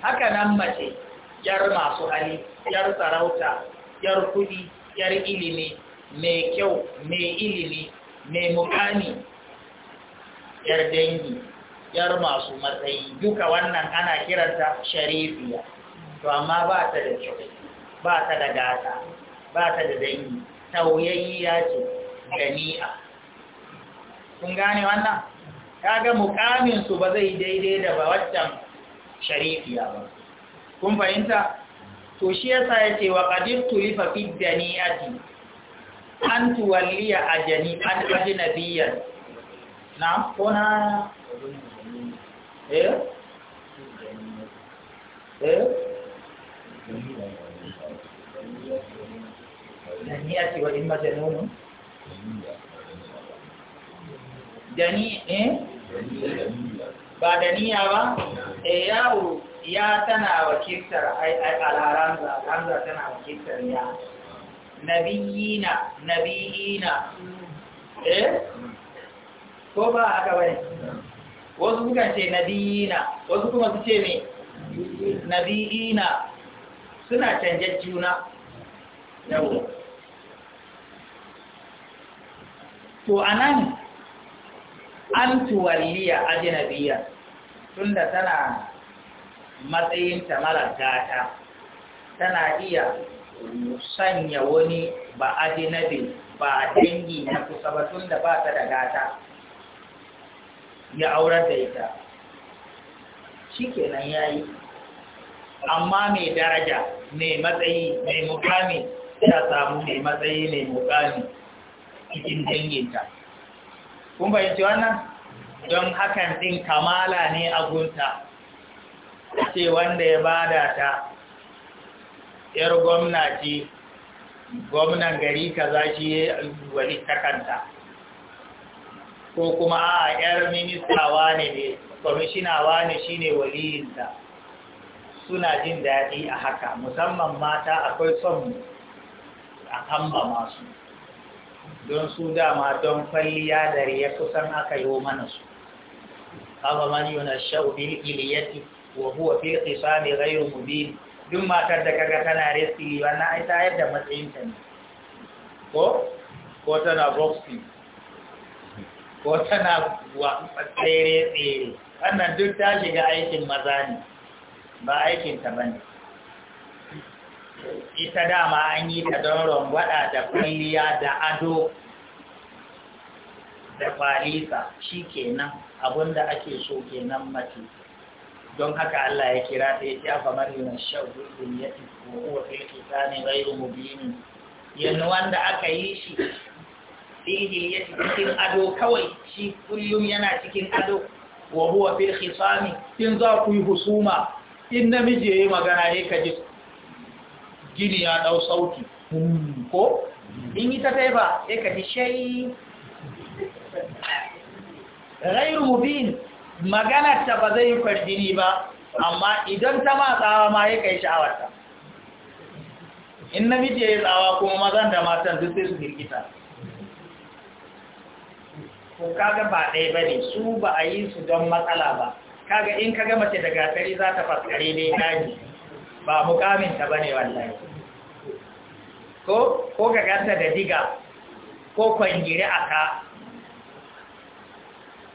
haka nan mace yar masu hali yar sarauta yar kudi yar ilimi mai kyau mai ilimi mai mukami yar dangi yar masu matsayi duka wannan ana kiranta sharifiya to amma ba ta da kyau ba ta da gata ba ta da dangi tauyayya ce gani'a kun gane wannan kaga mukamin su ba zai daidai da ba waccan sharifiya ba kun fahimta to shi yasa yace wa qadirtu li fa fi dani'ati an tuwalliya a ajani an ajnabiyan na ko na eh eh daniyati wa imma janunu dani eh ba daniya ba e eh, yawo ya tana wakiltar ai alharan za tana wakiltar ya nabiyina nabiyina eh ko ba haka bane wasu suka ce nabiyina wasu kuma su ce me nabiyina suna canjar juna yawo to anan an tuwalliya ajinabiya tunda tana matsayin tamarar gata tana iya sanya wani ba ajinabi ba dangi na kusa ba tun da ba ta da gata ya aurar da ita shi kenan ya yi amma mai daraja mai matsayi mai mukami ya samu mai matsayi mai mukami cikin danginta kun bayyanci wannan don hakan din kamala ne a gunta ce wanda ya bada ta yar gwamna ce gwamnan gari ka za shi ya takanta ko kuma a yar minista wane ne kwamishina wane shi ne waliyinta suna jin daɗi a haka musamman mata akwai son a hamba masu don su dama don kwalliya da riya kusan aka yi mana su abu mani yana sha'ubin iliyati wa huwa fi ƙisa ne gairu mubini duk matar da kaga tana resi wannan ai ta yadda matsayinta ne ko ko tana boxing ko tana tsere tsere wannan duk ta shiga aikin maza ne ba aikinta ba ne ita dama an yi ta don rangwada da kwalliya da ado da kwalisa shi kenan abinda ake so kenan mace don haka Allah ya kira ta yace afa maryam shawdu dunyati wa huwa fil kitani ghayru mubin yanzu wanda aka yi shi fihi yati cikin ado kawai shi kullum yana cikin ado wa huwa fil khisami in za ku yi husuma in namiji yayi magana ne ka ji gini ya dau sauti ko in yi ta ba ya ka ji shai ghayru mubin maganar ta ba zai yi kwarjini ba amma idan ta ma tsawa ma ya kai sha'awarta in namiji ya yi tsawa kuma mazan da matan duk sai su girgita ko kaga ba ɗaya ba ne su ba a yi su don matsala ba kaga in kaga mace da gatari za ta faskare dai daji ba mukaminta ba ne wallahi ko ko ka ganta da diga ko kwangiri a ka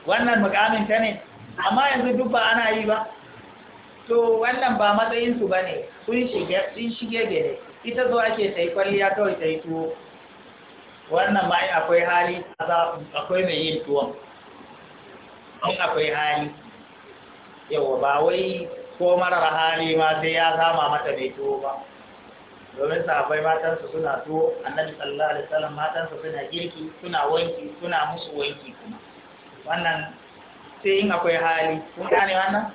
wannan mukaminta ne amma yanzu duk ba ana yi ba to wannan ba matsayinsu ba ne sun shige gere ita zo ake ta yi kwalliya kawai ta yi tuwo wannan ma akwai hali akwai mai yin tuwon in akwai hali yawa ba wai ko marar hali ma sai ya zama mata mai tuwo ba domin sahabbai matansu suna tuwo annabi sallallahu alaihi wasallam matansu suna girki suna wanki suna musu wanki kuma wannan sai in akwai hali kun gane wannan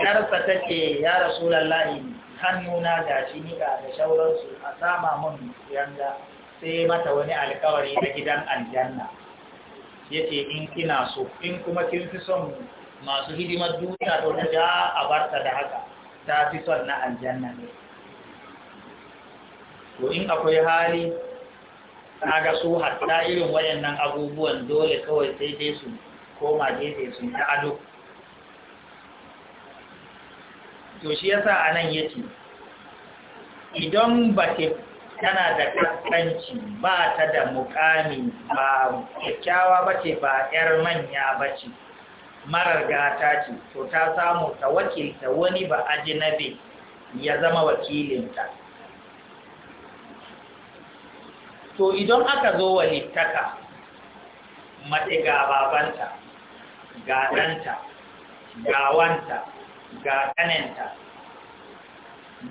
yarsa take ya rasulullahi hannuna ga shi nika da shauransu a sama mun yanga sai mata wani alkawari na gidan aljanna Ya ce in kina so in kuma kin fi son masu hidimar duniya to da ja a barta da haka ta fi son na aljanna ne to in akwai hali Na ga su hatta irin wayannan abubuwan dole kawai sai dai su koma gefe sun ta ado to shi yasa a nan ce, idan ba ke tana da kaskanci ba ta da mukami ba kyakkyawa ba ce ba 'yar manya ba ce marar gata ce to ta samu ta wakilta wani ba ajinabe ya zama wakilinta to idan aka zo wa walittaka ga babanta ga ɗanta ga wanta ga ƙaninta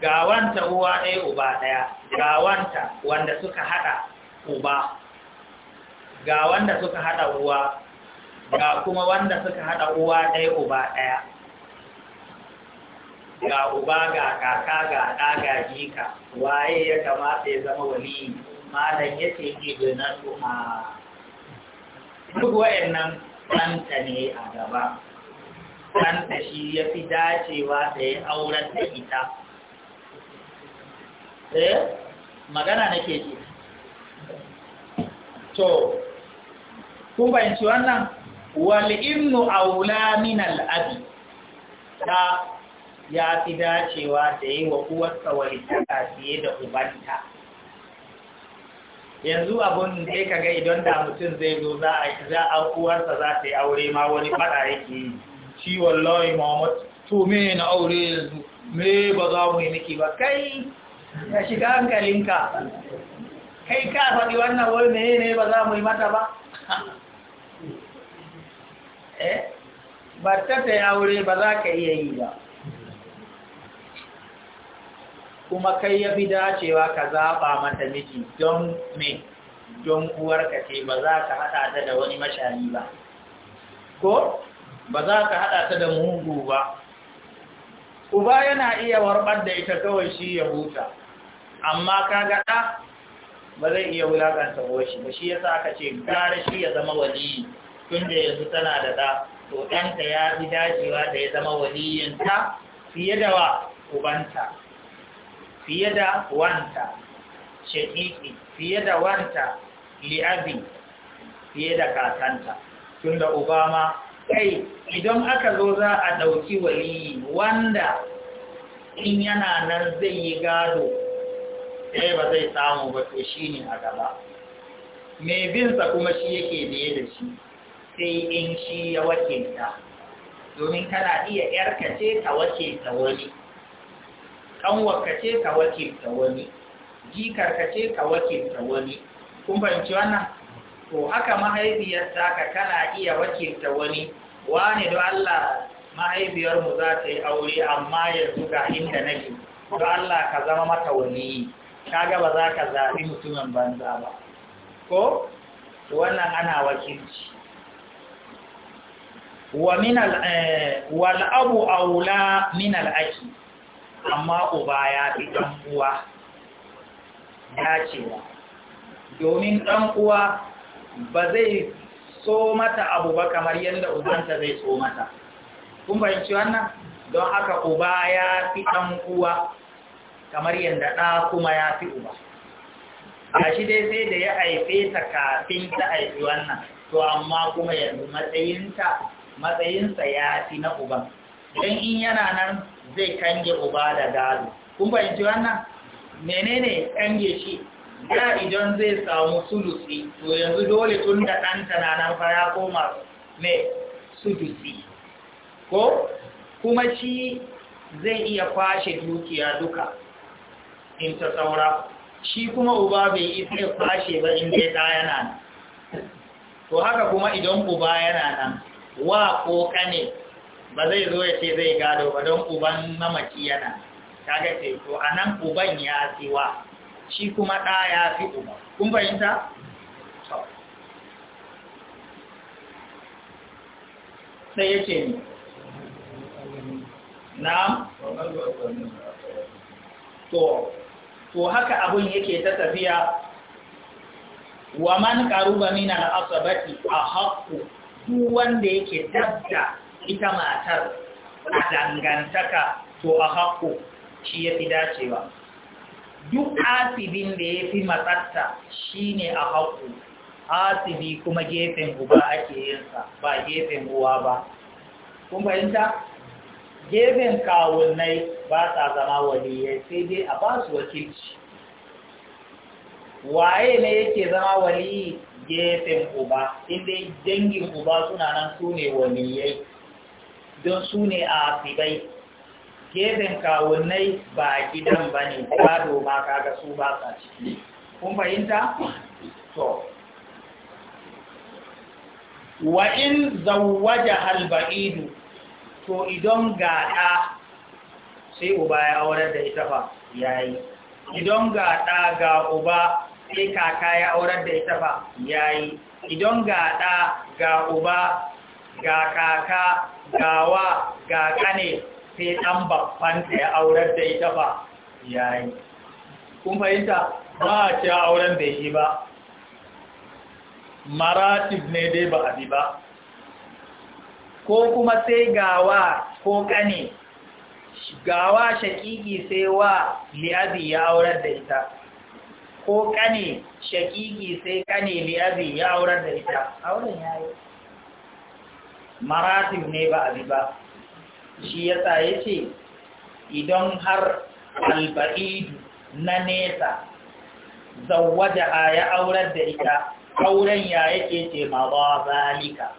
ga wanta uwa ɗaya uba ɗaya ga wanta wanda suka haɗa uba ga wanda suka haɗa uwa ga kuma wanda suka haɗa uwa ɗaya uba ɗaya ga uba ga kaka ga ɗa ga jika waye ya kamata ya zama wani malam ya ce ke donar su a duk nan ɗanta ne a gaba ɗanta shi ya fi dacewa da ya auren da ita eh magana nake ce. to kun bayanci wannan wal a aula min al ta ya fi dacewa da yi wa uwarsa walitaka fiye da ubanta yanzu abun sai ka ga idan da mutum zai zo za a za a uwarsa za ta yi aure ma wani fada yake yi shi wallahi Muhammad to me na aure yanzu me ba za mu yi miki ba kai ka shiga hankalinka kai ka faɗi wannan wai me ne ba za mu yi mata ba eh ba ta ta yi aure ba za ka iya yi ba kuma kai ya fi dacewa ka zaɓa mata miji don me don uwarka ce ba za ka haɗa ta da wani mashari ba ko ba za ka haɗa ta da mugu ba uba yana iya warɓar da ita kawai shi ya huta amma ka gaɗa ba zai iya wulaƙanta shi ba shi ya sa aka ce gara shi ya zama waliyi tun da yanzu tana da ɗa to ɗanta ya fi dacewa da ya zama waliyinta fiye da wa ubanta fiye da wanta shaƙiƙi fiye da wanta li'abi fiye da kakanta tun da obama kai idan aka zo za a ɗauki waliyi wanda in yana nan zai yi gado ɗaya eh, ba zai samu ba to shi ne a gaba mai binsa kuma shi yake biye da shi sai in shi ya wakilta domin kana iya yarkace ta wakilta wani kanwarka ce ka wakilta wani jikarka ce ka wakilta wani kun fahimci wannan to haka mahaifiyar ka kana iya wakilta wani wani don Allah mahaifiyarmu za ta yi aure amma yanzu ga inda nake don Allah ka zama mata wani kaga ba za ka zaɓi mutumin banza ba ko wannan ana wakilci wa min al eh, abu aula min al aki amma uba ya fi ɗan uwa wa domin ɗan uwa ba zai so mata abu ba kamar yadda ubanta zai so mata kun fahimci wannan don haka uba ya fi ɗan uwa kamar yadda ɗa kuma ya fi uba a shi dai sai da ya haife ta kafin ta haifi wannan to amma kuma yanzu matsayinta matsayinsa ya fi na uban don in yana nan zai kange uba da gado kun fahimci wannan menene kange shi Ya idan zai samu sulusi to yanzu dole tun da ɗanta na nan fara koma mai sulusi ko kuma shi zai iya kwashe dukiya duka in ta saura shi kuma uba bai iya kwashe ba in dai ɗa yana to haka kuma idan uba yana nan wa ko kane ba zai zo ya ce zai gado ba don uban mamaki yana kaga ce to a nan uban ya siwa shi kuma ɗa ya fi uba kun fahimta? sai ya ce ne na? to to haka abun yake ta tafiya wa man ƙaruba min al'asabati a haƙƙo duk wanda yake dabda ita matar a dangantaka to a haƙo shi ya fi dacewa duk asibin da ya fi matsatta shi ne a haƙo asibi kuma gefen uba ake yinsa ba gefen uwa ba kun bayanta gefen kawunai ba sa zama ya sai dai a ba su wakilci waye ne yake zama wali gefen uba inda dangin uba suna nan su ne waliyai don su ne a asibai gefen kawunai ba gidan ba ne gado ma kaga su ba sa ciki kun fahimta? to wa in zawaja halba'idu to idan gaɗa sai uba ya aurar da ita ya yi. idan gaɗa ga uba sai kaka ya aurar da ita ya yi. idan gaɗa ga uba ga kaka gawa ga kane sai ɗan ta ya aurar da ita ba yayi kun fahimta ba a ce auren da shi ba maratib ne dai ba abi ba ko kuma sai gawa ko kane gawa shakiki sai wa liyazi ya aurar da ita ko kane shakiki sai kane liyazi ya aurar da ita auren yayi maratin ne ba abi ba shi yasa ce idan har alba'idu na nesa a ya aurar da ita auren ya yake ce ma ba zalika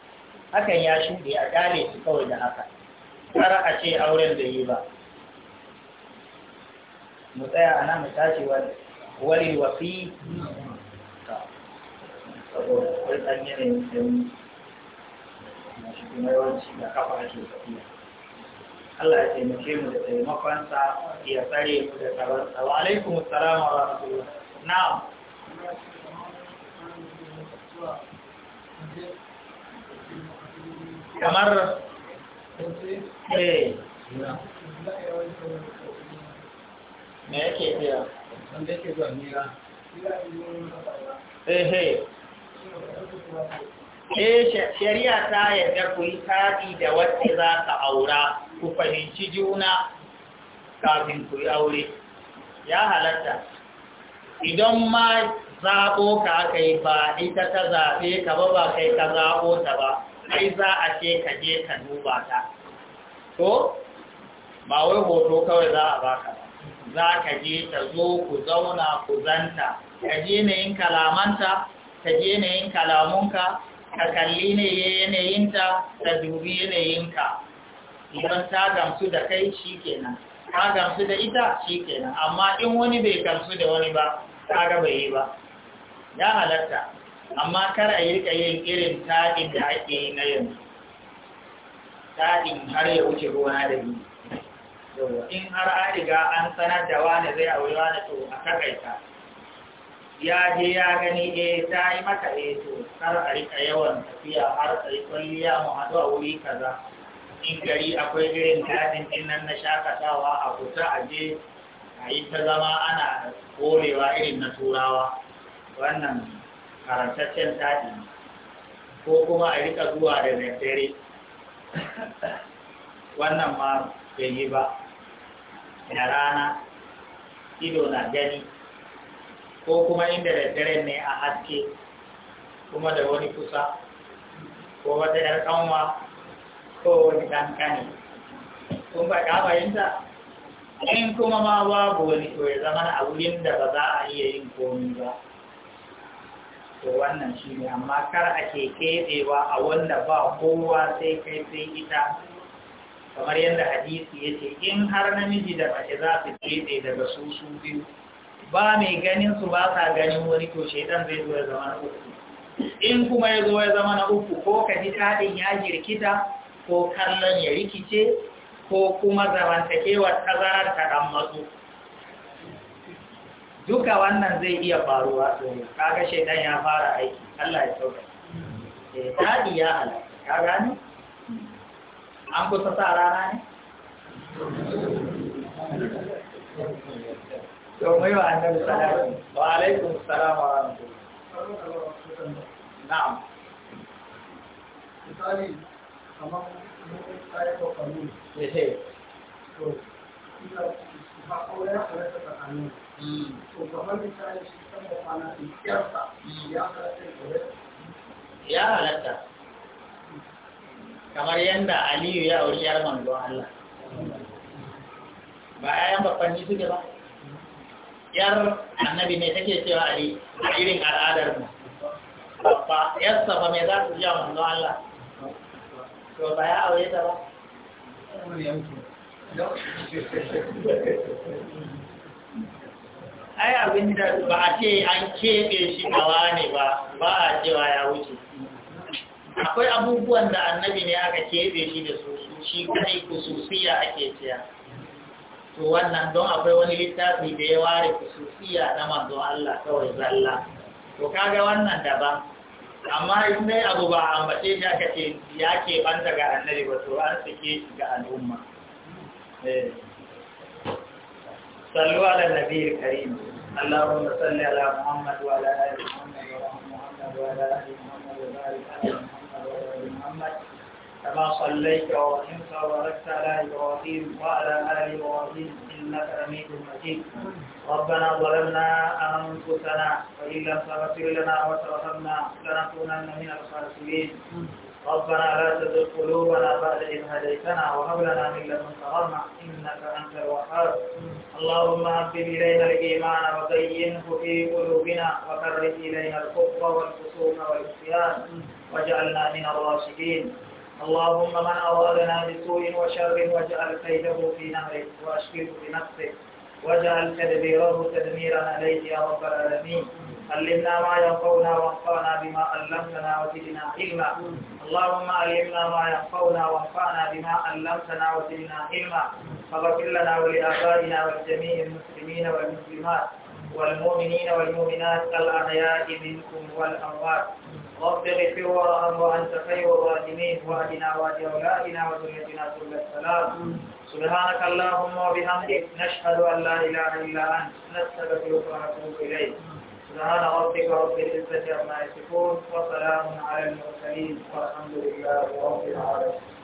hakan ya shuɗe a ƙale su kawai da haka kar a ce auren da yi ba mu tsaya ana mu tashi wani wafi saboda shi kuma yawanci da kafa ake tafiya Allah ya taimake mu da taimakonsa ya tsare mu da tsaronsa wa alaikum wa na'am kamar eh, me yake biya wanda yake zuwa nira eh, eh. eh shari'a ta yarda ku yi taɗi da wacce za ka aura ku fahimci juna kafin ku yi aure ya halatta idan ma zaɓo ka aka yi ba ita ta zaɓe ka ba ba kai ka zaɓo ta ba ai za a ce ka je ka duba ta to ba wai hoto kawai za a ba ka. za ka je ta zo ku zauna ku zanta ka je na yin kalamanta ka je na yin kalamunka ka kalli ne yanayinta ka dubi yanayinka idan ta gamsu da kai shi kenan ta gamsu da ita shi kenan amma in wani bai gamsu da wani ba ta gaba yi ba ya halatta amma kar a yi rika yin irin taɗin da ake yi na yanzu taɗin har ya wuce gona da biyu in har an riga an sanar da wani zai aure wani to a takaita ya je ya gani eh ta yi mata eto eh, Har a rika yawan tafiya har a yi kwalliya mu haɗu a wuri kaza in gari akwai irin dajin din nan na shakatawa a kusa a je a yi ta zama ana korewa irin na turawa wannan karantaccen daji ko kuma a rika zuwa da zafere wannan ma bai yi ba da rana ido na gani ko kuma inda daddare ne a haske kuma da wani kusa ko wata ‘yar kanwa ko wani ɗankani kun ba ka fahimta in kuma ma babu wani to ya zama a wurin da ba za a iya yin komi ba to wannan shi ne amma kar ake keɓewa a wanda ba kowa sai kai sai ita kamar yadda hadisi ya ce in har namiji da mace za su keɓe daga susu biyu ba mai ganin su ba sa ganin wani to shaidan zai zo ya zama na uku in kuma ya zo ya zama na uku ko ka ji daɗin ya jirkita ko kallon ya rikice ko kuma zamantakewar tazarar ta ɗan matsu duka wannan zai iya faruwa domin kaga shaidan ya fara aiki Allah ya sauka eh dadi ya halaka ka gani an kusa sa rana ne don mai wa annabi salati wa alaikum salam wa rahmatullah na'am misali kamar mutum tsaye ko kanu ehe to ina ba ya a rasa tsakanin to kamar misali shi kan da kwana ikiyarsa ya halatta ya halatta kamar yadda aliyu ya auri yar manzon Allah ba a ayan bafanni suke ba yar annabi ne take cewa a irin al'adar mu ba yar safa me za su ji a Allah to ba ya aure ta ba ai abin da ba a ce an keɓe shi gawa ne ba ba a cewa ya wuce akwai abubuwan da annabi ne aka keɓe shi da su shi kai kususiya ake cewa to wannan don akwai wani littafi da ya ware Sufiya na manzo Allah kawai zalla to kaga wannan daban amma in dai abu ba a ambace shi aka ce ya ke banta ga annabi ba to an sake shi ga al'umma eh. sallu ala nabi karim Allahumma salli ala muhammadu ala ال محمد وعلى ال muhammadu ala ال محمد كما صليت ورحمت وباركت على إبراهيم وعلى آل إبراهيم إنك حميد مجيد ربنا ظلمنا أنفسنا وإن لم تغفر لنا وترحمنا لنكونن من الخاسرين ربنا لا تزغ قلوبنا بعد إذ هديتنا وهب لنا من لدنك إنك أنت الوهاب اللهم هب إلينا الإيمان وزينه في قلوبنا وكره إلينا الكفر والفسوق والعصيان واجعلنا من الراشدين اللهم من أرادنا بسوء وشر واجعل كيده في نهره وأشكله بنفسه واجعل تدبيره تدميرا عليه يا رب العالمين علمنا ما ينفعنا وانفعنا بما علمتنا وزدنا علما اللهم علمنا ما ينفعنا وانفعنا بما علمتنا وزدنا علما فاغفر لنا ولآبائنا ولجميع المسلمين والمسلمات والمؤمنين والمؤمنات الأحياء منكم والأموات واغفر حوارهم وأنت خير الراحمين وأهدنا وأهد أولادنا وذريتنا كل السلام سبحانك اللهم وبحمدك نشهد أن لا إله إلا أنت نستغفرك ونتوب إليك سبحان ربك رب العزة عما يصفون وسلام على المرسلين والحمد لله رب العالمين